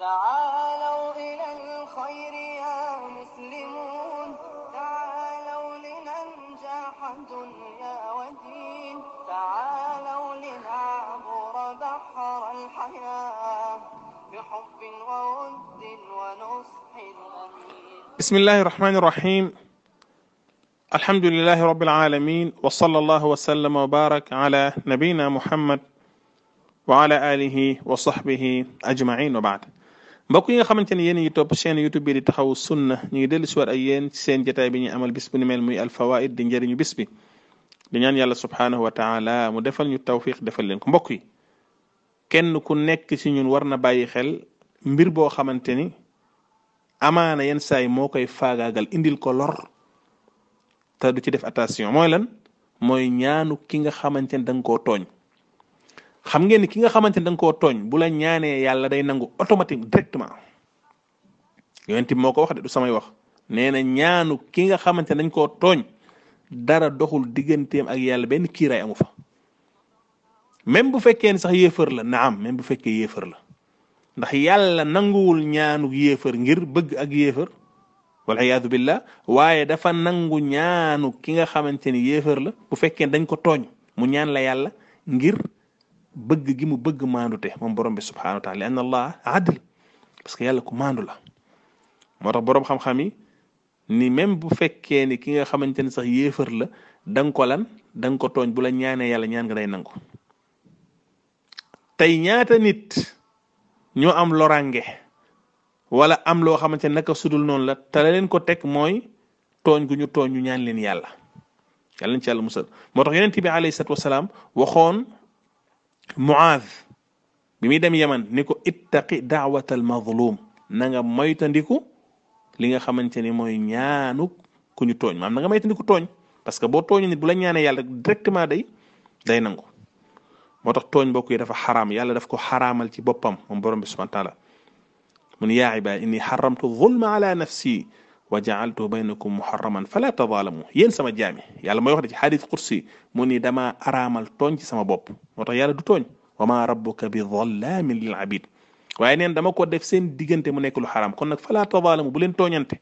تعالوا إلى الخير يا مسلمون تعالوا لننجح الدنيا ودين تعالوا لنعبر بحر الحياة بحب وود ونصح أمين بسم الله الرحمن الرحيم الحمد لله رب العالمين وصلى الله وسلم وبارك على نبينا محمد وعلى آله وصحبه أجمعين وبعد mbokk yi nga xamante ne yéen ngi topp chaîne youtube bi di taxawu sunna ñu ngi dellu si waat yéen seen jotaay bi ñuy amal bis bu ni mel muy alfawaid di njariñu bis bi di ñaan yàlla subhaanahu wa mu defal ñu tawfiq defal leen ko mbokk kenn ku nekk ci ñun war na bàyyi xel mbir boo xamante ni amaana yenn saa yi moo koy faagaagal indil ko lor te du ci def attention mooy lan mooy ñaanu ki nga xamante ni da nga tooñ xam ngeen ki nga xamante da nga koo tooñ bu la ñaanee yàlla day nangu automatique directement yonent moo ko wax de du samay wax nee na ñaanu ki nga xamante dañ koo tooñ dara doxul digganteem ak yàlla benn kiiraay amu fa même bu fekkee ni sax yéefar la naam même bu fekkee yéefar la ndax yàlla nanguwul ñaanu yéefar ngir bëgg ak yéefar wala yaadu billah waaye dafa nangu ñaanu ki nga xamante ni yéefar la bu fekkee dañ ko tooñ mu ñaan la yàlla ngir bëgg gi mu bëgg maandute moom borom bi subhanahu wa taala allah adl parce que yàlla ku maandu la moo tax borom xam-xam yi ni même bu fekkee ni ki nga xamante ni sax yéefar la da nga ko lan da nga ko tooñ bu la ñaanee yàlla ñaan nga day nangu tey ñaata nit ñoo am lorange wala am loo xamante naka sudul noonu la te la leen ko teg mooy tooñ gu ñu tooñ ñu ñaan leen yàlla yàlla nañ ci yàlla musal moo tax bi alayhi wasalaam waxoon معاذ بمي دم يمن نيكو اتقي دعوة المظلوم نغا مويتانديكو ليغا خامتاني موي نيانو كوني توغ مام نغا مويتانديكو توغ باسكو بو توغ نيت بولا نيانا يالا ديريكتومون داي داي نانغو موتاخ توغ بوكوي دافا حرام يالا دافكو حرامال تي بوبام موم بروم سبحانه من يا عبادي اني حرمت الظلم على نفسي wa jaaltu baynakum muharraman fala tazalamu yéen sama jaami yàlla mooy wax ne ci xadis qudsi mu ni dama araamal tooñ ci sama bopp moo tax yàlla du tooñ wa ma rabbuka bi dhallamin lil abid waaye neen dama ko def seen diggante mu nekk lu xaraam kon nag fala tazalamu bu leen tooñante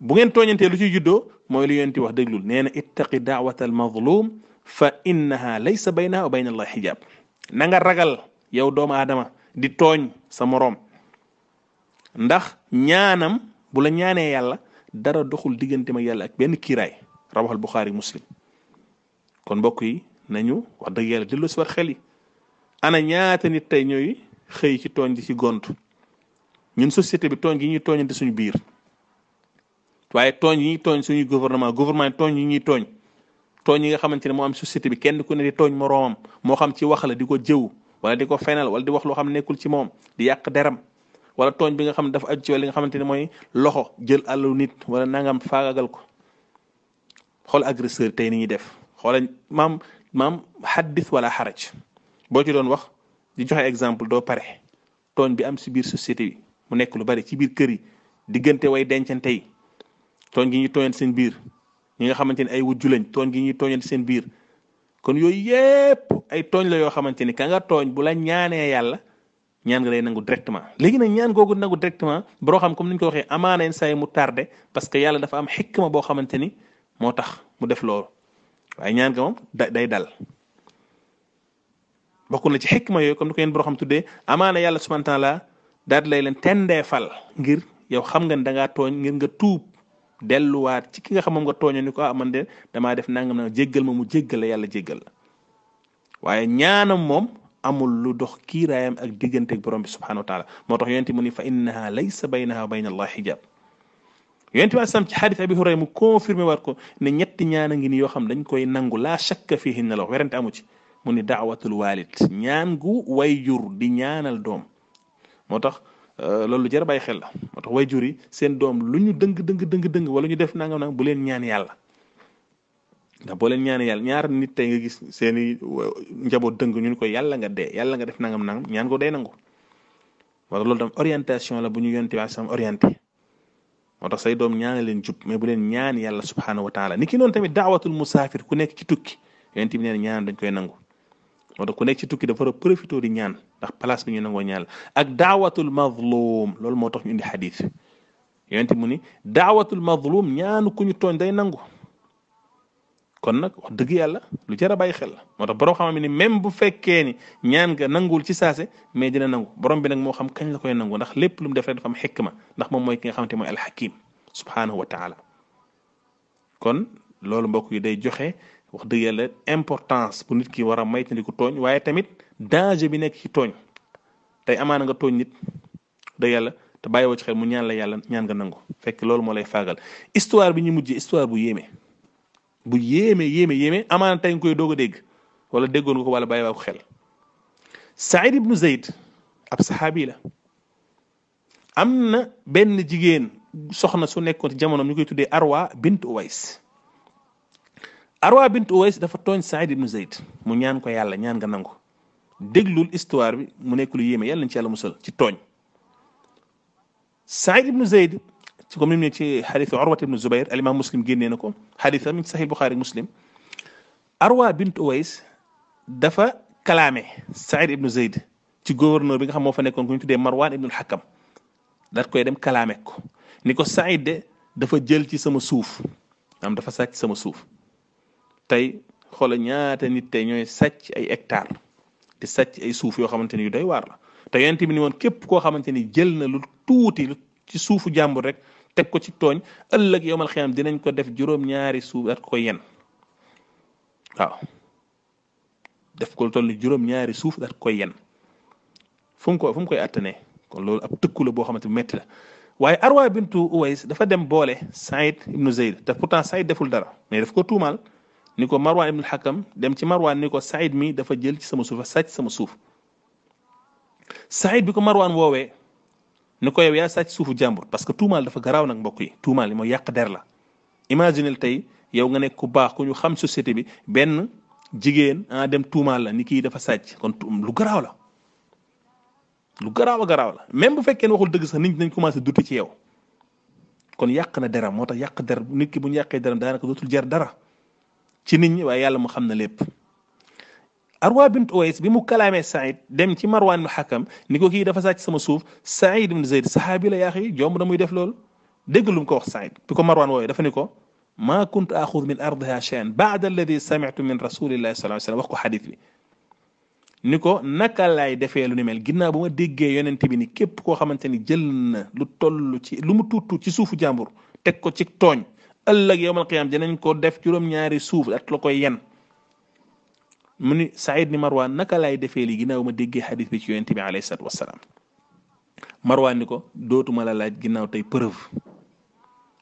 bu ngeen tooñantee lu ci juddoo mooy lu yonti wax déglul nee na ittaqi daawata al mazlum fa innaha laysa baynaha wa bayna allah hijab na nga ragal yow doomu aadama di tooñ sa moroom ndax ñaanam bu la ñaanee yàlla dara doxul diggante ma yàlla ak benn kiiraay rawaxal buxaari muslim kon mbokk yi nañu wax dëgg yàlla dellu si war xeli yi ana ñaata nit tey ñooy xëy ci tooñ di ci gontu ñun société bi tooñ gi ñuy tooñante suñu biir waaye tooñ yi ñuy tooñ suñuy gouvernement gouvernement tooñ yi ñuy tooñ tooñ yi nga xamante ne moo am société bi kenn ku ne di tooñ moroomam moo xam ci wax la di ko jëw walla di ko fenal wala di wax loo xam nekkul ci moom di yàq deram wala tooñ bi nga xam ne dafa aju ci li nga xamante ne mooy loxo jël àllu nit wala nangam faagagal ko xool agresseur tey ni def xoola maam maam xaddis wala xaraj boo ci doon wax di joxe exemple doo pare tooñ bi am si biir société bi mu nekk lu bari ci biir kër yi diggante way dencante tey tooñ gi ñuy tooñante seen biir ñi nga xamante ni ay wujju lañ tooñ gi ñuy tooñante seen biir kon yooyu yépp ay tooñ la yoo xamante ni ka tooñ bu la ñaanee yàlla ñaan nga lay nangu directement léegi nak ñaan googu nangu directement bro xam comme niñ ko waxe amana en say mu tardé parce que yalla dafa am hikma bo xamanteni motax mu def lool way ñaan nga mom day dal bokku na ci hikma yooyu comme ni ko yéen xam tuddé amana yalla subhanahu taala daal lay leen tendé fal ngir yow xam nga da nga togn ngir nga delu delluwaat ci ki nga xam nga togn ni ko ah, man de dama def nangam na jéggal ma mu jéggal yalla jéggal waye ñaanam mom amul lu dox kiiraayam ak ak borom bi subhanahu wa taala motax tax yonente mu ni fa innaha laysa baynaha wa bayna allahi hijab yonente bi alislam ci hadith abi hurayra mu confirmé war ko ne ñetti ñaan a ngi ni yo xam dañ koy nangu la shakk fihi na la werante amu ci mu ni daawatul walid ñaan gu wayjur di ñaanal dom motax tax loolu lu jar bàyyi xel la moo tax way jur yi deung deung deung ñu wala ñu def nangam nang bu len ñaan yàlla ndax boo leen ñaanee yàlla ñaar nit tey nga gis seen euh, njaboot dëng ñun ko yàlla nga dee yàlla nga def nangam nangam ñaan ko day nangu wala loolu tam orientation la bu ñu yonti waa sam orienté moo tax say doom ñaana leen jub mais bu leen ñaan yàlla subhaanahu wa taala ni ki noonu tamit daawatul musaafir ku nekk ci tukki yonti ñaan dañ koy nangu moo tax ku nekk ci tukki dafa war a profité di ñaan ndax place bi ñu nangoo ñaan ak daawatul mazlum loolu moo tax ñu indi xadis yonti mu ni daawatul mazlum ñaanu ku ñu tooñ day nangu kon nak wax deug yàlla lu jar a bàyyi xel motax borom xam ni même bu fekke ni ñaan nga nangul ci sase mais dina nangu borom bi nak mo xam kañ la koy nangu ndax lépp lu mu def rek dafa am hikma ndax mom moy ki nga moy al hakim subhanahu wa taala kon lolu mbokk yi day joxe wax deug yàlla importance bu nit ki wara may tan maytandiku togn waye tamit danger bi nek ci togn tay amana nga togn nit deug yàlla te baye wo ci xel mu ñaan la yàlla ñaan nga nangu fekk lolu mo lay fagal histoire bi ñi mujjé histoire bu yéme bu yéeme yéeme yéeme amaana tey nga koy doog a dégg wala déggoon ko wala bàyyi waa ko xel Saïd ibnu Zayd ab saxaabi la am na benn jigéen soxna su nekkoon jamono jamonoom ñu koy tuddee Arwa bint Uwais Arwa bint Uwais dafa tooñ Saïd ibnu Zayd mu ñaan ko yàlla ñaan nga nangu déglul histoire bi mu nekk lu yéeme yàlla nañ ci yàlla musal ci tooñ Saïd ibnu Zayd تقوم من حديث عروة بن الزبير الإمام مسلم جينا نكو حديثة من صحيح البخاري مسلم عروة بنت أويس دفع كلامه سعيد بن زيد تقول نو بيجا مو فنكون كنت دي مروان بن الحكم دا كوي دم كلامك نيكو سعيد دفع جلتي سمو سوف نعم دفع ساك سما سوف تاي خول نيات نيت تي اي أكتر دي ساتي اي سوف يو خامتاني يو داي وار تا يانتي مني مون كيب كو خامتاني جيل نا لو توتي لو ci teg ko ci tooñ ëllëg yowmal xiyaam dinañ ko def juróom-ñaari suuf at ko yen waaw def ko toll juróom-ñaari suuf at ko yen fu mu ko fu mu koy attanee kon loolu ab tëkku la boo xamante bu métti la waaye Arwa bintu Uways dafa dem boole Saïd ibnu Zayd te pourtant Saïd deful dara mais daf ko tuumaal ni ko Marwan ibnu Xakam dem ci Marwan ni ko Saïd mi dafa jël ci sama suuf sàcc sama suuf Saïd bi ko Marwan woowee. ni ko yow yaa sàcc suufu jàmbur parce que tuumaal dafa garaaw nag mbokk yi tuumaal yi mooy yàq der la imaginel tey yow nga nekk ku baax ku ñu xam société bi benn jigéen ah dem tuumaal la ni kii dafa sàcc kon lu garaaw la lu garaaw a garaaw la même bu fekkee ne waxul dëgg sax nit ñi dañ commencé duti ci yow kon yàq na deram moo tax yàq der nit ki bu ñu yàqee deram daanaka dootul jar dara ci nit ñi waaye yàlla mu xam na lépp اروى بنت اويس بمكالمه سعيد دم تي مروان الحكم نيكو كي دا فساتي سما سوف سعيد بن زيد صحابي لا يا اخي جوم دا موي ديف لول دغلوم كو سعيد بيكو مروان ووي دا فنيكو ما كنت اخذ من ارضها شيئا بعد الذي سمعت من رسول الله صلى الله عليه وسلم وخو حديث بي نيكو نكا لاي ديفه لو نيمل غينا بوما ديغي يوننتي بي ني كيب كو خامتاني جيلنا لو تولو تي لومو توتو تي سوفو جامبور تك كو الله يوم القيامه دي نكو ديف جوروم نياري سوف ات لوكو mu ni Saïd ni Marwan naka lay defee li ginnaaw ma déggee xadis bi ci yonent bi alayhi salaatu wassalaam Marwan ni ko dootuma la laaj ginnaaw tey preuve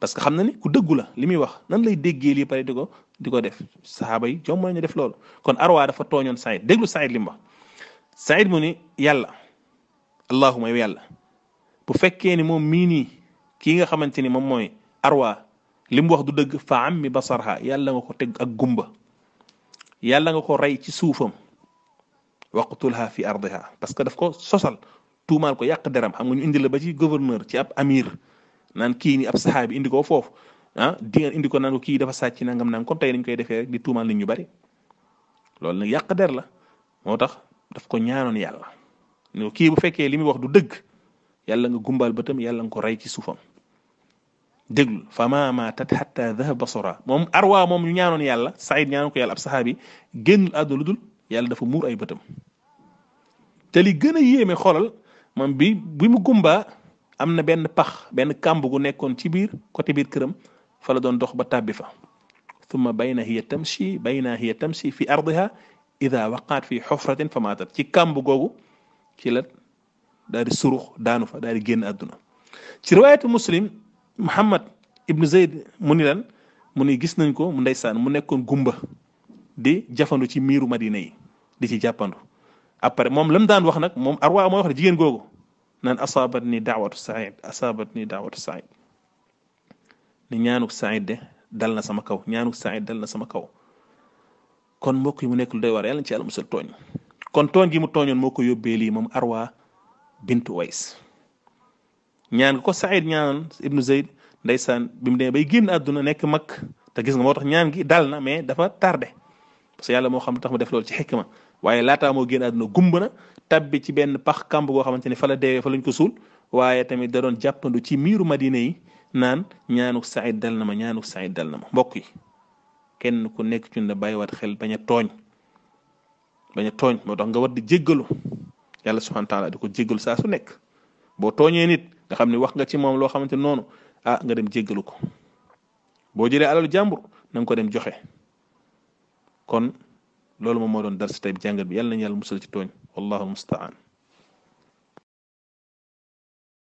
parce que xam na ni ku dëggu la li muy wax nan lay déggee lii pare di ko di ko def saxaaba yi jom ñu def lool kon Arwa dafa tooñoon Saïd déglu Saïd li mu wax Saïd mu ni yàlla allahuma yow yàlla bu fekkee ni moom mii nii kii nga xamante ni moom mooy Arwa li mu wax du dëgg fa am mi basarha yàlla nga ko teg ak gumba yàlla nga ko rey ci suufam waqtulha fi ardiha parce que daf ko sosal tuumaal ko yàq deram xam nga ñu indi la ba ci gouverneur ci ab amir naan kii ni ab saxaabi indi ko foofu ah di indi ko naan kii dafa sàcc nangam nangam comme tey dañ koy defee di tuumaal nit ñu bari loolu nag yàq der la moo tax def ko ñaanoon yàlla ni ko kii bu fekkee li muy wax du dëgg yàlla nga ba tam yàlla nga ko rey ci suufam. déglu fa ma maatat xatta dahaba sora moom arwa moom ñu ñaanoon yàlla saïd ñaanoon ko yàlla ab saxaabi génnul àdduna lu dul yàlla dafa muur ay bëtam te li gën a yéeme xoolal moom bi bi mu gumbaa am na benn pax benn kàmb gu nekkoon ci biir côté biir këram fa la doon dox ba tàbbi fa thumma bayna hiya tamshi bayna hiya tamshi fi ardiha ida waqaat fi xofratin fa maatat ci kàmb googu ci la daal di surux daanu fa daal di génn àdduna ci riwaayatu muslim Muhammad ibnu Zayd mu ni lan mu ni gis nañ ko mu ndeysaan mu nekkoon gumba di jafandu ci miiru Madina yi di ci jàppandu après moom lam daan wax nag moom arwa mooy wax ne jigéen googu naan asaabat ni dawatu said asabat ni dawatu said ni ñaanuk said de dal na sama kaw ñaanuk said dal na sama kaw kon mbokk yi mu nekk lu doy war yàlla ci yàlla musal tooñ kon tooñ gi mu tooñoon moo ko yóbbee lii moom arwa bintu ways ñaan ko Saïd ñaanoon ibnu Zayd ndeysaan bi mu demee bay génn àdduna nekk mag te gis nga moo tax ñaan gi dal na mais dafa tardé parce moo xam tax mu def loolu ci ma waaye laataa moo génn àdduna gumb na ci benn pax kamb goo xamante ni fa la fa lañ ko suul waaye tamit da doon jàppandu ci miiru Madina yi naan ñaanuk Saïd dal na ma ñaanuk Saïd dal na ma mbokk yi kenn ku nekk ci ñun da bàyyiwaat xel bañ tooñ bañ a tooñ moo tax nga war di jéggalu yàlla subhaana taala di ko jéggalu saa su nekk boo tooñee nga xam ne wax nga ci moom loo xamante noonu ah nga dem jéggalu ko boo jëlee alalu jàmbur na nga ko dem joxe kon loolu moom moo doon dar si tey bi jàngat bi yàlla nañu yàlla musal ci tooñ wallahu almustaan